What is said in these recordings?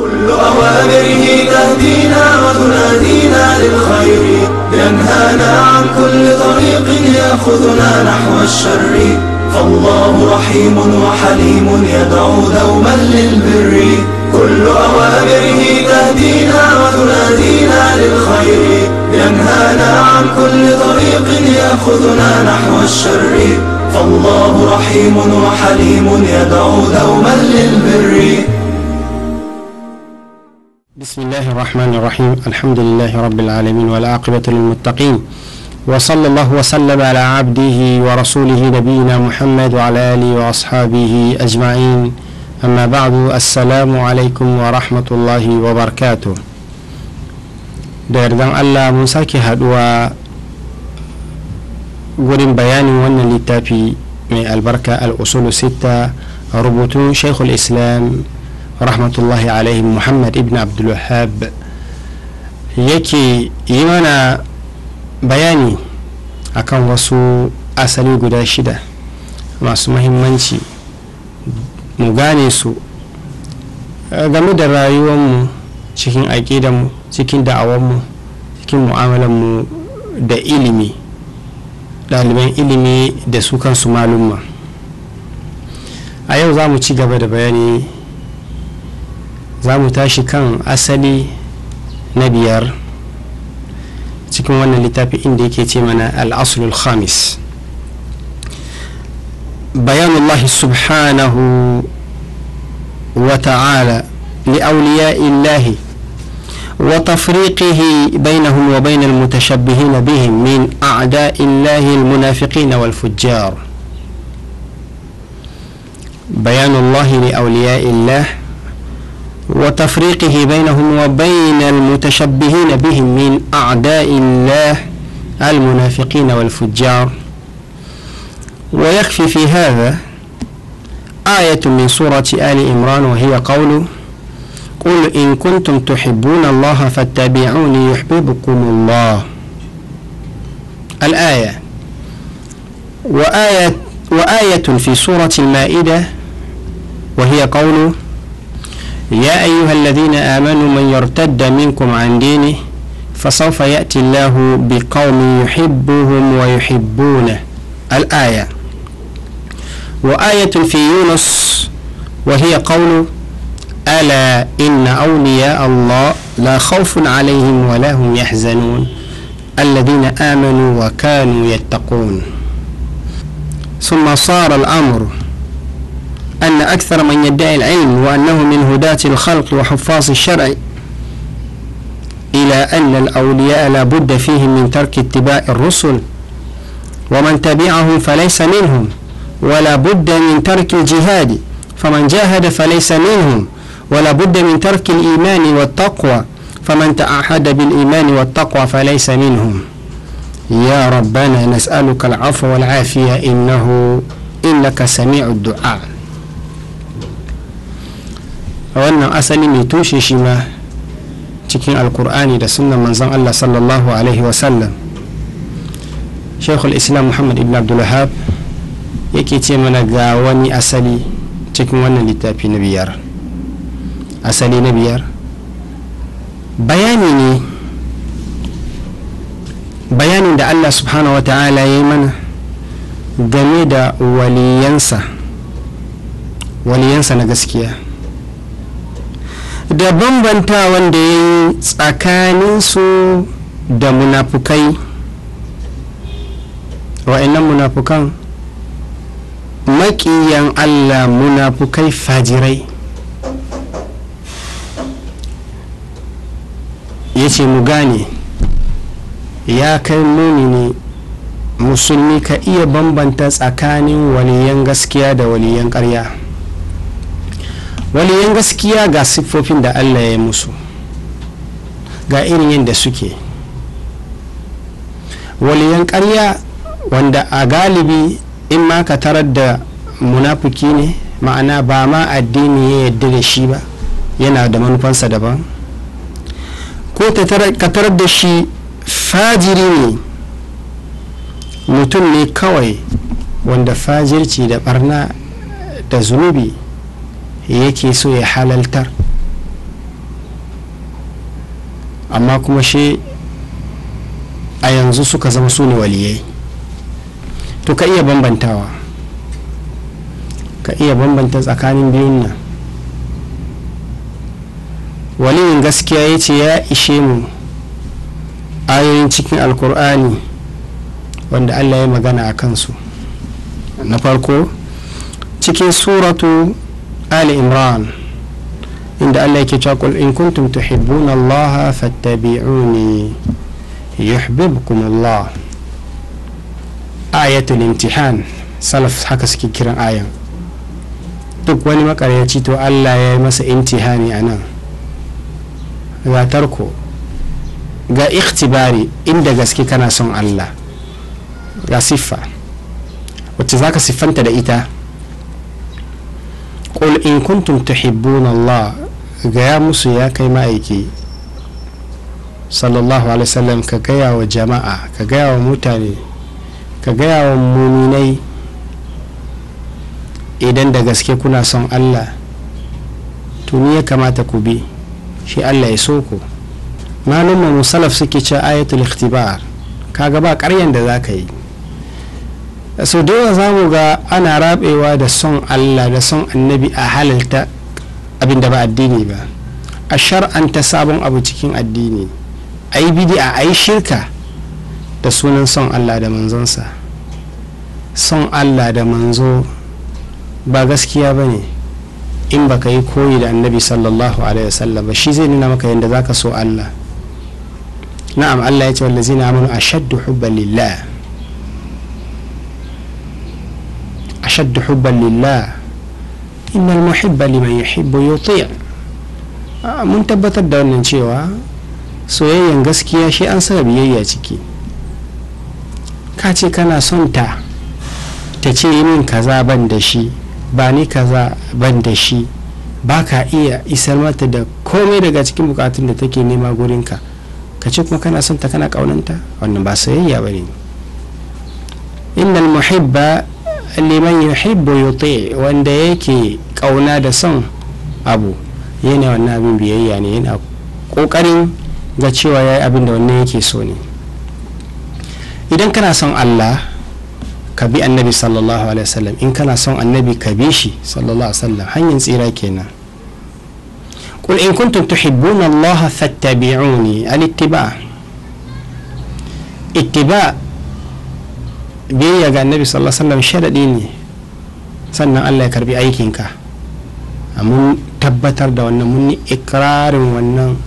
كل أوامره تهدينا وتنادينا للخير ينهانا عن كل طريق يأخذنا نحو الشر فالله رحيم وحليم يدعو دوما للبر كل أوامره تهدينا وتنادينا للخير ينهانا عن كل طريق يأخذنا نحو الشر فالله رحيم وحليم يدعو دوما للبر بسم الله الرحمن الرحيم الحمد لله رب العالمين والعاقبة للمتقين وصلى الله وسلم على عبده ورسوله نبينا محمد وعلى آله وأصحابه أجمعين أما بعد السلام عليكم ورحمة الله وبركاته دردان الله موسى هدوى ورين بيان وانا لتابي من البركة الأصول الستة ربط شيخ الإسلام rahmatullahi alaihi muhammad ibn abdulwahab yake yi mana bayani akan wasu asali guda shida masu mahimmanci mu gane su eh, game da rayuwarmu cikin aƙidanmu cikin da'awanmu cikin mu'amalanmu da ilimi ɗaliban ilimi da su kansu malumma a yau za mu ci gaba da bayani za mu tashi kan asali na biyar cikin wannan littafi inda yake ce mana al'asulul khamis bayanullahi subhanahu wa ta'ala لأولياء الله وتفريقه بينهم وبين المتشبهين بهم من أعداء الله المنافقين والفجار بيان الله لأولياء الله وتفريقه بينهم وبين المتشبهين بهم من أعداء الله المنافقين والفجار ويخفي في هذا آية من سورة آل إمران وهي قوله قل إن كنتم تحبون الله فاتبعوني يحببكم الله الآية وآية, وآية في سورة المائدة وهي قوله يا أيها الذين آمنوا من يرتد منكم عن دينه فسوف يأتي الله بقوم يحبهم ويحبونه الآية وآية في يونس وهي قوله ألا إن أولياء الله لا خوف عليهم ولا هم يحزنون الذين آمنوا وكانوا يتقون ثم صار الأمر أن أكثر من يدعي العلم وأنه من هداة الخلق وحفاظ الشرع إلى أن الأولياء لا بد فيهم من ترك اتباع الرسل ومن تبعهم فليس منهم ولا بد من ترك الجهاد فمن جاهد فليس منهم ولا بد من ترك الإيمان والتقوى فمن تعهد بالإيمان والتقوى فليس منهم يا ربنا نسألك العفو والعافية إنه إنك سميع الدعاء a wannan asali mai tushe shi ma cikin alkur'ani da sunan manzon allah sallallahu alaihi wasallam shekul islam muhammad ibn abdulhab yake ce mana ga wani asali cikin wannan littafi na biyar asali na biyar bayani ne bayanin da allah subhanahu wa ta'ala ya yi mana game da waliyansa waliyansa na gaskiya da bambanta wanda ya yi tsakaninsu da munafukai wa'annan munafukan maƙiyan allah munafukai fajirai ya ce mu gane ya kai muni ne musulmi ka iya bambanta tsakanin waliyan gaskiya da waliyan ƙarya waliyan gaskiya ga siffofin da allah ya musu ga irin yin yadda suke waliyan karya wanda a galibi in ma ka tarar da munafuki ne ma'ana ba ma addini ya yadda da shi ba yana da manufansa daban ko ka tarar da shi fajiri ne mutum ne kawai wanda fajirci da barna da zunubi yake so ya halaltar amma kuma shi a yanzu suka zama su ne waliyai to ka iya bambantawa ka iya bambanta tsakanin biyun nan waliyin gaskiya ya ce ya ishe mu ayoyin cikin alkur'ani wanda allah ya magana a kansu na farko cikin suratu ali imran inda allah yake cewa qul in kuntum tuhibbuna allah fattabi'uni yuhibbukum allah ayatul imtihan salaf haka suke kiran ayan duk wani makaryaci to allah ya yi masa imtihani a nan ga tarko ga ikhtibari inda gaske kana son allah ga siffa wacce za ka siffanta da ita qul in kuntum tuhibbuna Allah gaya musu ya kai ma'aiki sallallahu alaihi wasallam ka gaya wa jama'a ka gaya wa mutane ka gaya wa muminai idan da gaske kuna son Allah tuni ya kamata ku bi shi Allah ya so ku malumma musalaf suke ce ayatul ikhtibar kaga ba karyan da za ka yi so da yawa za mu ga ana rabewa da son allah da son annabi a halalta abin da ba addini ba a shar'anta sabon abu cikin addini a yi bidi'a a yi shirka da sunan son allah da manzonsa son allah da manzo ba gaskiya ba ne in ba ka yi koyi da annabi sallallahu alaihi wasallam ba shi zai nuna maka yadda ka so allah na'am allah ya ce wallazina amanu ashaddu hubba lillah أشد حبا لله إن المحب لمن يحب يطيع mun tabbatar da wannan cewa soyayyan gaskiya shi an sa biyayya ciki ka ce kana son ta ta ce min kaza ban da shi ba ni kaza ban da shi ba ka iya isar mata da komai daga cikin bukatun da take nema gurinka ka ce kuma kana son ta kana kaunanta wannan ba soyayya ba ne innal muhibba liman yuhibbu yuti wanda yake kauna da son abu yana wannan abin biyayya ne yana kokarin ga cewa yayi abin da wannan yake so ne idan kana son Allah ka bi annabi sallallahu alaihi wasallam in kana son annabi ka bi shi sallallahu alaihi wasallam hanyar tsira kenan قل إن كنتم تحبون الله فاتبعوني الاتباع اتباع biyayya ga annabi sallallahu alaihi wasallam sharadi ne sannan Allah ya karbi aikinka a mun tabbatar da wannan mun yi ikrarin wannan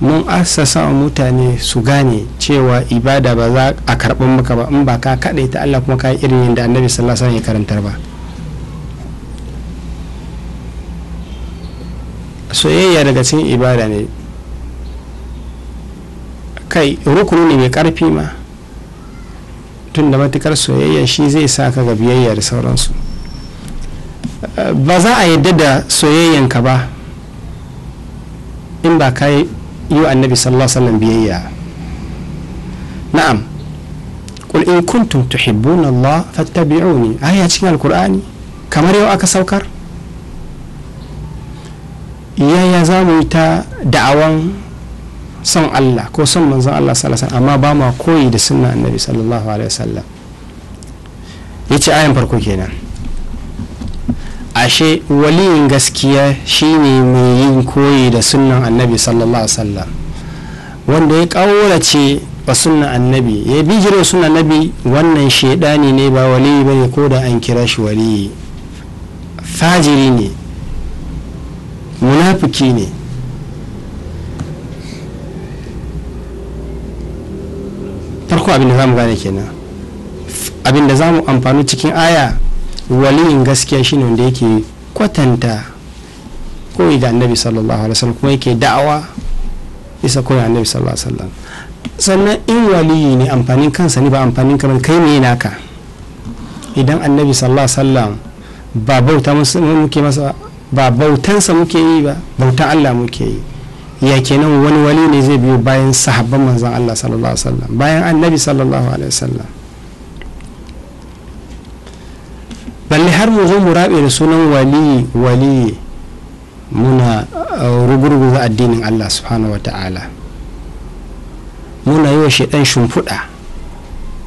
mun assasa wa mutane su gane cewa ibada ba za a karɓar maka ba in ba ka kaɗai ta Allah kuma ka yi irin yadda annabi sallallahu alaihi ya karantar ba soyayya daga cikin ibada ne kai rukuni ne mai karfi ma tun da matukar soyayya shi zai sa ka ga biyayya da sauransu ba za a yadda da soyayyanka ba in ba ka yi annabi sallallahu alaihi wasallam biyayya na'am qul in kuntum tuhibbuna Allah fattabi'uni aya cikin alkur'ani kamar yau aka saukar yaya za mu yi ta da'awan son Allah ko son manzon Allah sallallahu alaihi amma ba ma koyi da sunna annabi sallallahu alaihi wasallam yace ayan farko kenan ashe waliyin gaskiya shine mai yin koyi da sunnan annabi sallallahu alaihi wasallam wanda ya kaurace wa sunnan annabi ya bijiro sunnan annabi wannan shedani ne ba waliyi bane ko da an kira shi waliyi fajiri ne munafiki ne farko abin da zamu gane kenan abin da zamu amfani cikin aya waliyin gaskiya shine wanda yake kwatanta koyi da annabi sallallahu alaihi wasallam kuma yake da'awa isa koyi annabi sallallahu alaihi wasallam sannan in waliyi ne amfanin kansa ne ba amfanin kamar kai ne naka idan annabi sallallahu alaihi wasallam ba bauta muke masa ba bautansa muke yi ba bautan Allah muke yi ya kenan wani wali ne zai biyo bayan sahabban manzan Allah sallallahu alaihi wasallam bayan annabi sallallahu alaihi wasallam balle har mu zo mu rabe da sunan wali wali muna uh, rugurguza addinin Allah subhanahu wata'ala muna yi wa shaidan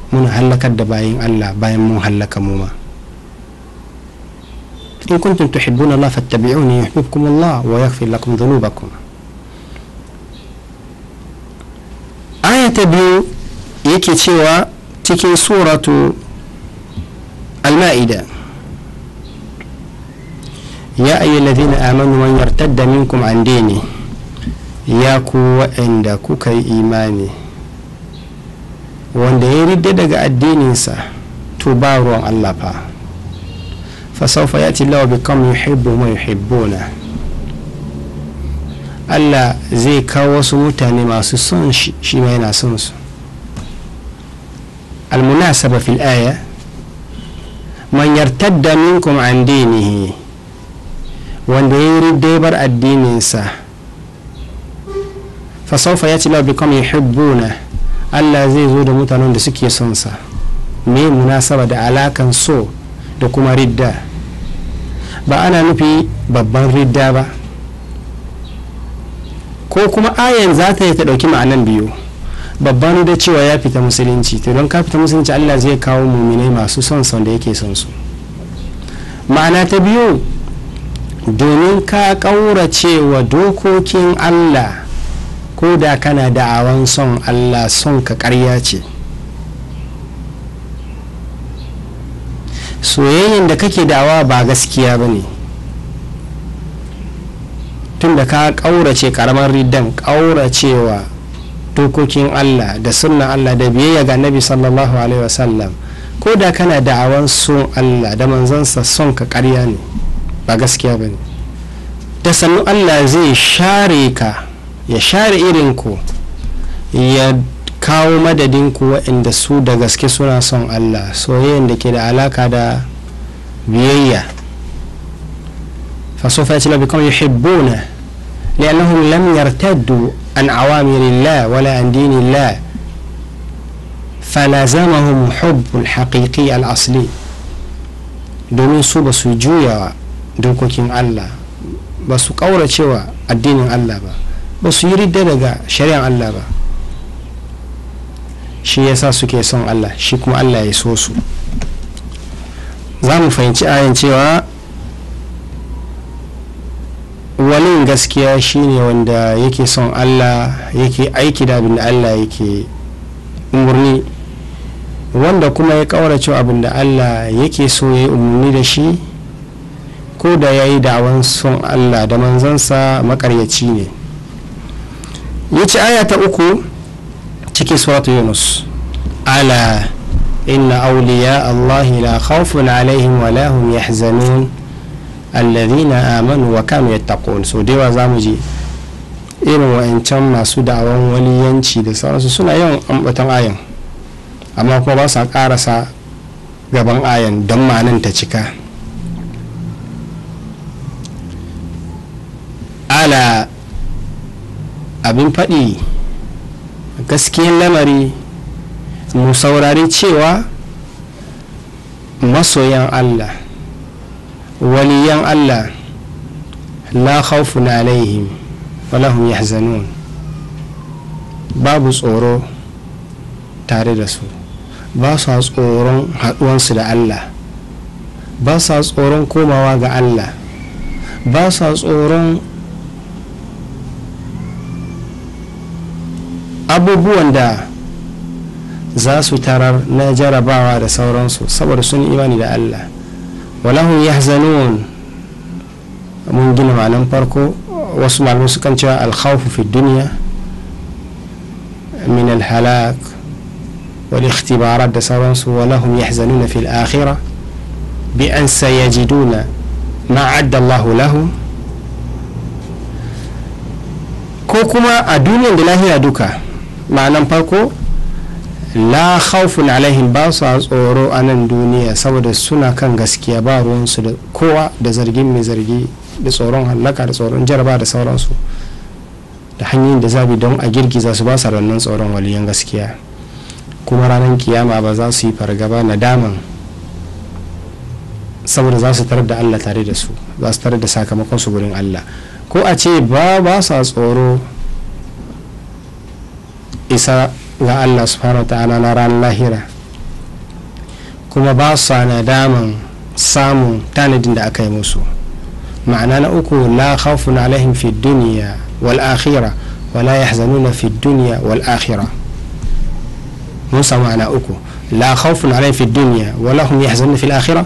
muna hallakar da bayan Allah bayan mun hallaka mu ma in kuntum tuhibbuna Allah fattabi'uni yuhibbukum Allah wa yaghfir lakum dhunubakum ta biyu yake cewa cikin suratu al-ma'ida ya ayi lafina amanu man yartadda minkum an dini ya ku waɗanda kuka yi imani wanda ya ridda daga addininsa to ba ruwan Allah fa ya sawfa yati Allahu bikum yuhibbu ma yuhibbuna allah zai kawo wasu mutane masu son shi shi ma yana son su almunasaba fil aya man yartadda minkum an dinihi wanda ya yi bar addininsa fasaufa ya ci lau bikam yuhibbuna allah zai zo da mutanen da suke son sa me munasaba da alakan so da kuma ridda ba ana nufi babban ridda ba ko kuma ayan za ta yi ta ɗauki ma'anan biyu babban da cewa ya fita musulunci to don ka fita musulunci allah zai kawo muminai masu son son da yake son su ma'ana ta biyu domin ka ƙaurace wa dokokin allah ko da kana da'awan son allah son ka karya ce soyayyen da kake da'awa ba gaskiya ba ne tun da ka ƙaurace karamar ridan ƙauracewa dokokin allah da sunna allah da biyayya ga nabi sallallahu alaihi wasallam ko da kana da'awan sun allah da manzansa son ka karya ne ba gaskiya ba ne da sannu allah zai share ka ya share irinku ya kawo madadin ku waɗanda su da gaske suna son allah soyayyen da ke da alaka da biyayya فسوف الله بقوم يحبونه لأنهم لم يرتدوا عن عوامر الله ولا عن دين الله فلازمهم حب الحقيقي الأصلي domin su ba su juya الله Allah ba شوى الدين الله Allah يريد ba شريع الله ridda shi ya sa suke son Allah shi kuma Allah ya so su za mu fahimci ayan cewa walin gaskiya shine wanda yake son allah yake aiki da abin da allah yake umarni wanda kuma ya kaurace abin da allah yake so ya yi umarni da shi ko da ya yi da'awan son allah da manzansa makaryaci ne ya ci aya ta uku cikin suratu yunus ala inna auliya allahi la khawfun alaihim wa lahum yahzanun alladhina amanu wa kanu yattaqun so da yawa zamu je irin wa'ancan masu da'awan yanci da sauransu suna yin ambatan ayan amma kuma ba sa karasa gaban ayan don manan ta cika ala abin faɗi gaskiyar lamari mu saurari cewa masoyan allah waliyan Allah la khawfun alaihim walahum yahzanun babu tsoro tare da su ba ha tsoron haɗuwansu da Allah ba ha tsoron komawa ga Allah ba ha tsoron abubuwan da za su tarar na jarabawa da sauransu saboda sun imani da Allah ولهم يحزنون من دون ما نمبركو المسكن جاء الخوف في الدنيا من الهلاك والاختبارات دسارونس ولهم يحزنون في الآخرة بأن سيجدون ما عد الله لهم كوكما الدنيا دلاهي أدوكا معنى نمبركو la khawfun alaihim ba su tsoro a nan duniya saboda suna kan gaskiya ba ruwansu da kowa da zargin mai zargi da tsoron hallaka da tsoron jaraba da sauransu da hanyoyin da zabi don a girgiza su ba su rannan tsoron waliyan gaskiya kuma ranar kiyama ba za su yi fargaba daman saboda za su tarar da allah tare da su za su tarar da sakamakon su gurin allah ko a ce ba ba sa tsoro isa ga allah subhanahu wa ta'ala na ranar lahira kuma ba su nadaman samun tanadin da aka yi musu ma'ana na uku la khawfun alaihim fi duniya wal akhira wala yahzanuna fi duniya wal akhira mun samu ana uku la khawfun alaihim fi duniya wala hum yahzanuna fi al akhira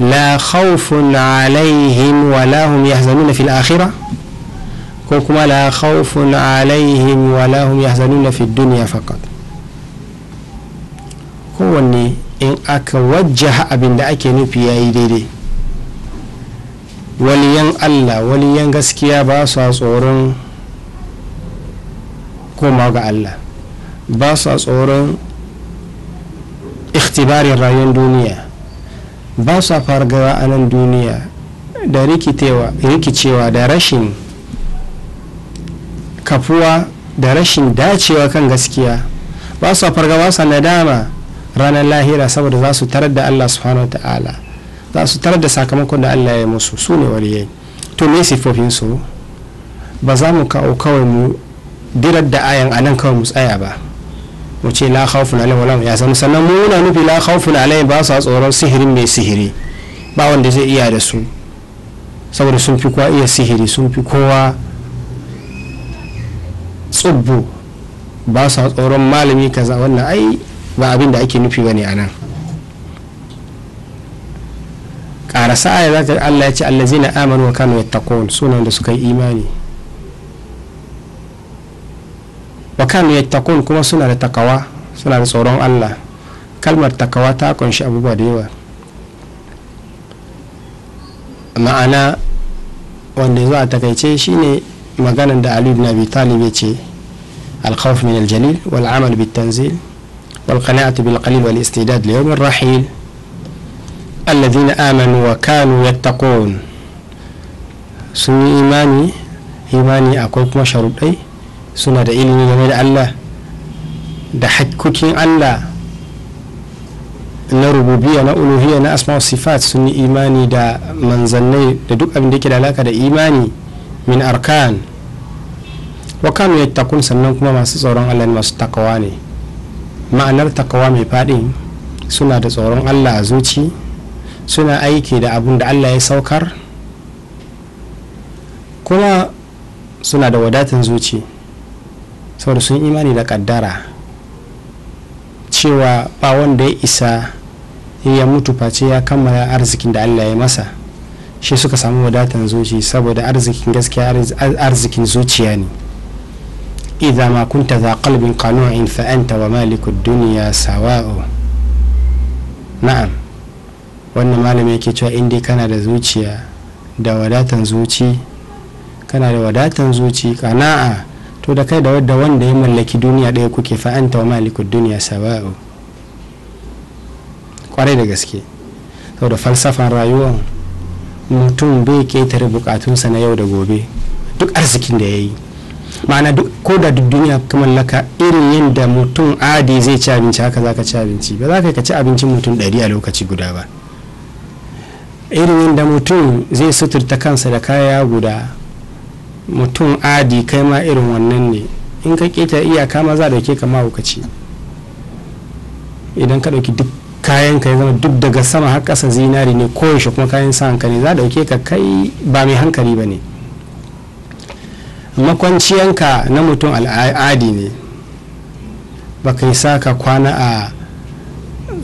la khawfun alaihim wala hum yahzanuna fi al akhira ko kuma la khawfun alaihim wa lahum yahzanuna fi duniya faqat kowanne in aka wajjaha abin da ake nufi yayi daidai waliyan Allah waliyan gaskiya ba su tsoron koma ga Allah ba su tsoron ikhtibarin rayuwar duniya ba su fargaba a nan duniya da rikicewa da rashin kafuwa da rashin dacewa kan gaskiya ba su farga ba su nadama ranar lahira saboda za su tarar da Allah subhanahu ta'ala za su tarar da sakamakon da Allah ya musu su ne waliyai to me siffofin su ba za mu kawo kawai mu dirar da ayan nan kawai mu tsaya ba mu ce la khawfun wa wala ya san sannan mu muna nufi la khawfun alaihim ba su tsoron sihirin mai sihiri ba wanda zai iya da su saboda sun fi kowa iya sihiri sun fi kowa tsubbu ba sa tsoron malami kaza wannan ai ba abin da ake nufi bane anan ƙarasa ya za ta Allah ya ce allazina amanu wa kanu tako sunan da suka yi imani wa kanu yattaqun kuma suna da takawa suna da tsoron Allah kalmar takawa ta kunshi abubuwa da yawa ma'ana wanda zuwa a takaice shine maganan da Ali na bitali ya ce الخوف من الجليل والعمل بالتنزيل والقناعة بالقليل والاستعداد ليوم الرحيل الذين آمنوا وكانوا يتقون سن إيماني إيماني أقول ما شرب أي سن رئيلي من الله دحك كوكين الله na rububiyya na uluhiyya na asma sifat sun yi imani da manzannai da duk abin da yake da alaka da imani min wa kanu yattaqun sannan kuma masu tsoron Allah masu takawa ne ma'anar takawa mai faɗi suna da tsoron Allah a zuci suna aiki da abun da Allah ya saukar kuma suna da wadatan zuci saboda sun imani da kaddara cewa ba wanda ya isa ya mutu face ya kammala arzikin da Allah ya masa shi suka samu wadatan zuci saboda arzikin gaskiya arzikin zuciya ne إذا ما كنت ذا قلب قنوع فأنت ومالك الدنيا سواء نعم wannan malamin yake cewa in dai kana da zuciya da wadatan zuci kana da wadatan zuci kana'a to da kai da wadda wanda ya mallaki duniya ɗaya kuke fa'anta wa malikud duniya saba'u kwarai da gaske saboda falsafan rayuwa mutum bai ketare bukatunsa na yau da gobe duk arzikin da ya yi ma'ana ko da duk duniya ka mallaka irin yadda mutum adi zai ci abinci haka za ka ci abinci ba za ka ci abincin mutum ɗari a lokaci guda ba irin yadda mutum zai suturta kansa da kaya guda mutum adi kai ma irin wannan ne in ka keta iyaka ma za da ke kama ci idan ka ɗauki duk kayan ka ya zama duk daga sama har ƙasa zinari ne koyaushe kuma kayan sa hankali za da ke ka kai ba mai hankali ba ne makwanciyanka na mutum al'adi ne baka yi saka kwana a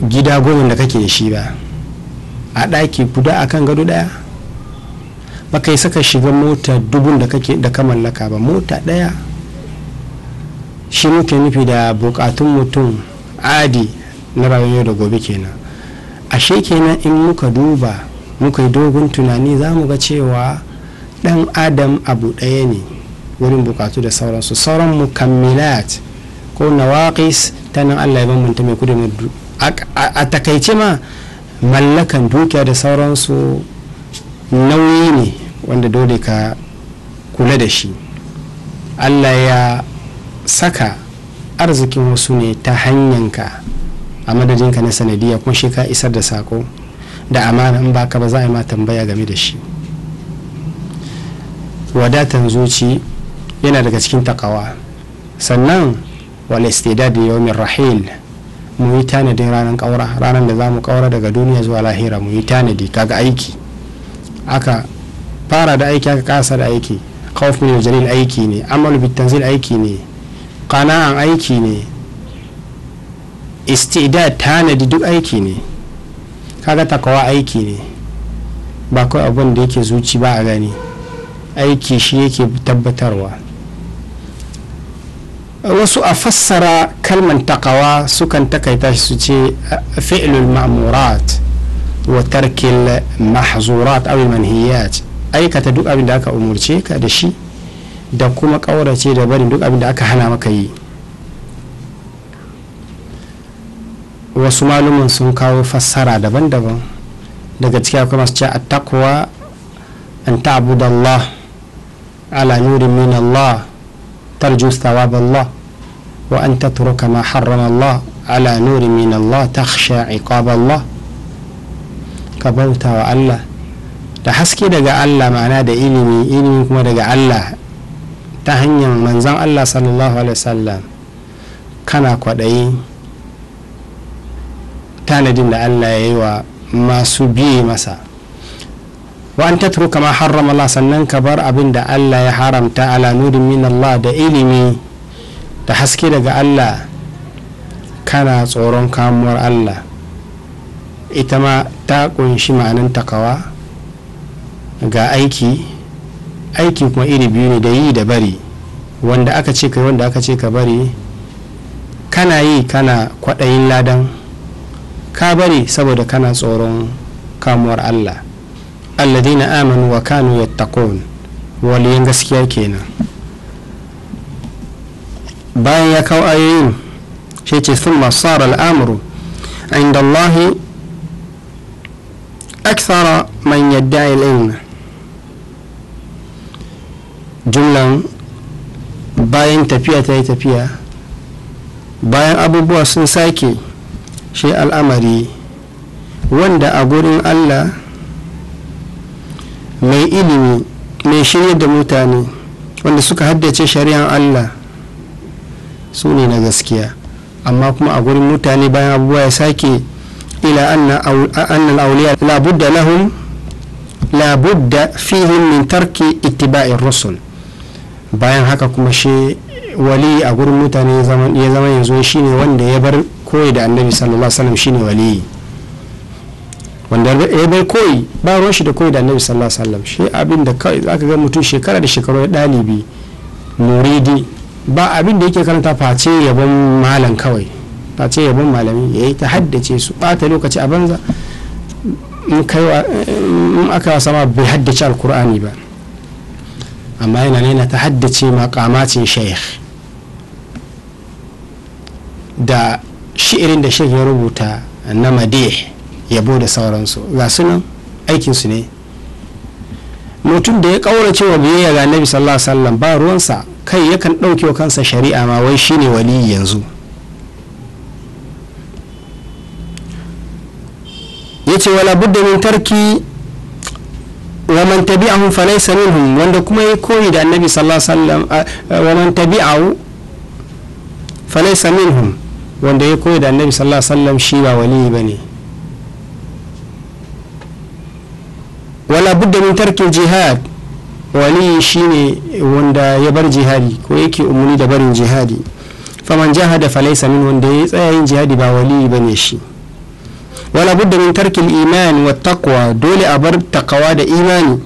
gida goma da kake shi ba a ɗaki guda a kan gado ɗaya baka yi saka shiga mota dubun da kake da ka mallaka ba mota ɗaya shi muke nufi da bukatun mutum adi na rayuwa da gobe kenan ashe kenan in muka duba muka yi dogon tunani za mu ga cewa ɗan adam abu ɗaya ne wurin bukatu da sauransu sauran mukammilat ko nawaqis ta nan Allah ya bambanta mai kudu a takaice ma mallakan dukiya da sauransu nauyi ne wanda dole ka kula da shi Allah ya saka arzikin wasu ne ta hanyanka a madadinka na sanadiya kuma shi ka isar da sako da amana in baka ba za a yi ma tambaya game da shi wadatan zuci yana daga cikin takawa sannan wal istidad da yawmin rahil mu yi tanadi ranar kaura ranar da za mu kaura daga duniya zuwa lahira mu yi tanadi kaga aiki aka fara da aiki aka kasa da aiki khawf min jalil aiki ne amal bit tanzil aiki ne qana'an aiki ne istidad tanadi duk aiki ne kaga takawa aiki ne ba kawai abin da yake zuci ba a gani aiki shi yake tabbatarwa wasu a fassara kalman takawa sukan takaita shi su ce fi'lul ma'murat wa tarkil mahzurat aw manhiyat aikata duk abin da aka umurce ka da shi da kuma kaurace da barin duk abin da aka hana maka yi wasu malumin sun kawo fassara daban-daban daga ciki akwai masu ce a takwa an ta'budu Allah ala nurin min Allah ترجو ثواب الله وأن تترك ما حرم الله على نور من الله تخشى عقاب الله كبوتا وألا تحسكي دقا ألا معنا دا إلمي إلمي كما دقا ألا تهنيا من زم ألا صلى الله عليه وسلم كان قدعي تاندين دا ألا يوى ما سبيه مثلا wa an kama haramala sannan ka bar abin da Allah ya haramta ala nurin min Allah da ilimi da haske daga Allah kana tsoron kamuwar Allah ita ma ta kunshi ma'anin takawa ga aiki aiki kuma iri biyu ne da yi da bari wanda aka ce ka wanda aka ce ka bari kana yi kana kwaɗayin ladan ka bari saboda kana tsoron kamuwar Allah alladina amanu wa kanu yattaqun waliyan gaskiya kenan bayan ya kawo ayoyin shi ce sun masar al'amuru inda Allah aksara man yadda ilin jumlan bayan tafiya ta yi tafiya bayan abubuwa sun sake shi al'amari wanda a gurin Allah mai ilimi mai shirya da mutane wanda suka haddace shari'ar allah su ne na gaskiya amma kuma a gurin mutane bayan abubuwa ya sake ila annal auliya labudda lahum labudda fihim min tarki ittiba'in rusul bayan haka kuma shi wali a gurin mutane ya zama yanzu shine wanda ya bar koyi da annabi sallallahu alaihi wasallam shine waliyi wanda ya bai eh, koyi ba ruwan shi da koyi da annabi sallallahu alaihi wasallam shi abin da kawai zaka ga mutum shekara da shekaru dalibi muridi ba abin da yake karanta face yabon malam kawai face yabon malami ya yi ta haddace su bata lokaci a banza in aka sama ma bai haddace alkur'ani ba amma yana na ta haddace makamacin shaykh da shi'irin da shaykh ya rubuta na madih yabo da sauransu ga su nan aikinsu ne mutum da ya ƙaurace wa biyayya ga annabi sallallahu alaihi wasallam ba ruwansa kai yakan ɗauke wa kansa shari'a ma wai shine wali yanzu yace wala budda min tarki wa man tabi'ahu fa laysa minhum wanda kuma ya koyi da annabi sallallahu alaihi wasallam wa man tabi'ahu fa laysa minhum wanda ya koyi da annabi sallallahu alaihi wasallam shi ba wali bane wala budda min tarkin jihad wali shine wanda ya bar jihadi ko yake umuni da barin jihadi faman jahada falaisa min wanda ya tsaya yin jihadi ba wali bane shi wala budda min tarkin iman wa taqwa dole a bar takawa da imani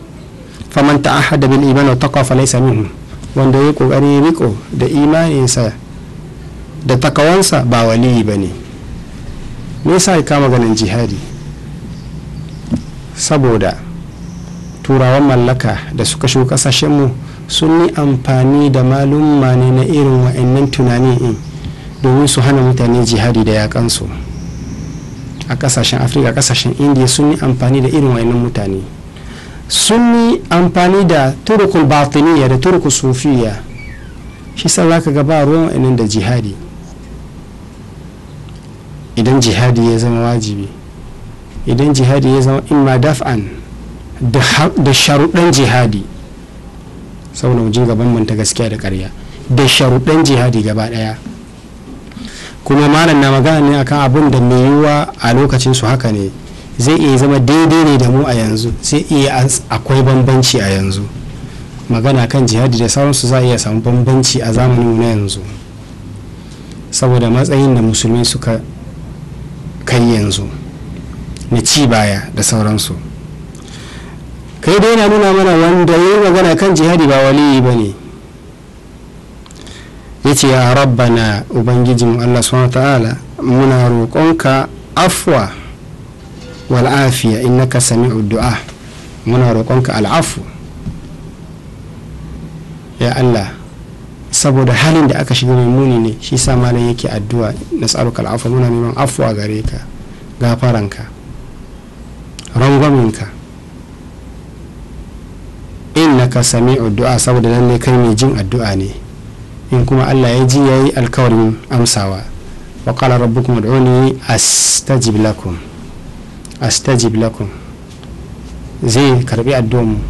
faman ta'ahada bil iman wa taqwa falaisa minhu wanda ya kokari riko da imaninsa da takawansa ba wali bane me yasa ya kama ganin jihadi saboda turawan mallaka da suka shigo kasashenmu sun yi amfani da malum ne na irin wa'annan tunani in domin su hana mutane jihadi da yakansu a kasashen afirka kasashen indiya sun yi amfani da irin wa'annan mutane sun yi amfani da turukul batiniya da turukul sufiya shi sa za ka gaba ruwan wa'annan da jihadi idan jihadi ya zama wajibi idan jihadi ya zama imma daf'an da sharuɗan jihadi saboda mujin gaban manta gaskiya da ƙarya da sharuɗan jihadi gaba ɗaya kuma malam na magana ne akan abin da mai yiwuwa a lokacin su haka ne zai iya zama daidai ne da mu a yanzu sai iya akwai bambanci a yanzu magana kan jihadi da sauransu za a iya samu bambanci a zamanin na yanzu saboda matsayin da musulmi suka kai yanzu na ci baya da sauransu kai dai yana nuna mana wanda ya yi magana kan jihadi ba wali ba ne ya ce ya ubangiji ubangijin allah subhanahu ta'ala muna roƙonka afwa wal'afiya afiya innaka sami'u du'a muna roƙonka al'afu ya allah saboda halin da aka shiga muni ne shi sa malam yake addu'a tsaro al'afwa muna neman afwa gare ka gafaranka rangwaminka ka sami addu'a saboda nan ne kai mai jin addu'a ne in kuma Allah ya ji yayi alkawarin amsawa wa qala rabbukum ud'uni astajib lakum astajib lakum zai karbi addu'a mu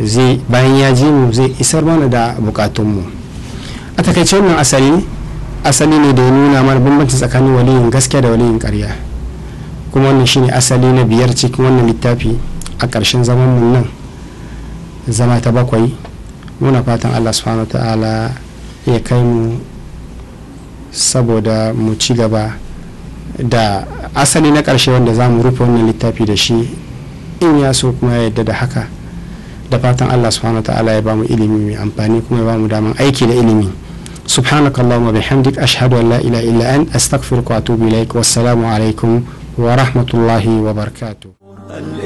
zai bayan ya ji mu zai isar mana da bukatun mu a takaice wannan asali asali ne da ya nuna mana bambanci tsakanin waliyin gaskiya da waliyin karya kuma wannan shine asali na biyar cikin wannan littafi a ƙarshen zaman mun nan zama ta bakwai muna fatan allah subhanahu ta'ala ya kai mu saboda mu ci gaba da asali na karshe wanda za mu rufe wannan littafi da shi in ya so kuma ya yadda da haka da fatan allah subhanahu ta'ala ya ba mu ilimi mai amfani kuma ya ba mu daman aiki da ilimi سبحانك اللهم وبحمدك أشهد أن لا إله إلا أنت أستغفرك وأتوب إليك والسلام عليكم ورحمة الله وبركاته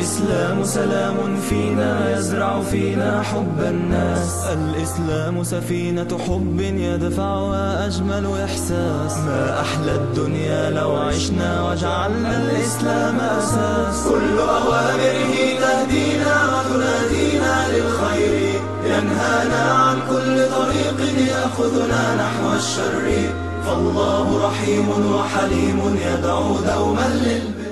الإسلام سلام فينا يزرع فينا حب الناس الإسلام سفينة حب يدفعها أجمل إحساس ما أحلى الدنيا لو عشنا وجعلنا الإسلام أساس كل أوامره تهدينا وتنادينا للخير ينهانا عن كل طريق يأخذنا نحو الشر فالله رحيم وحليم يدعو دوما للبر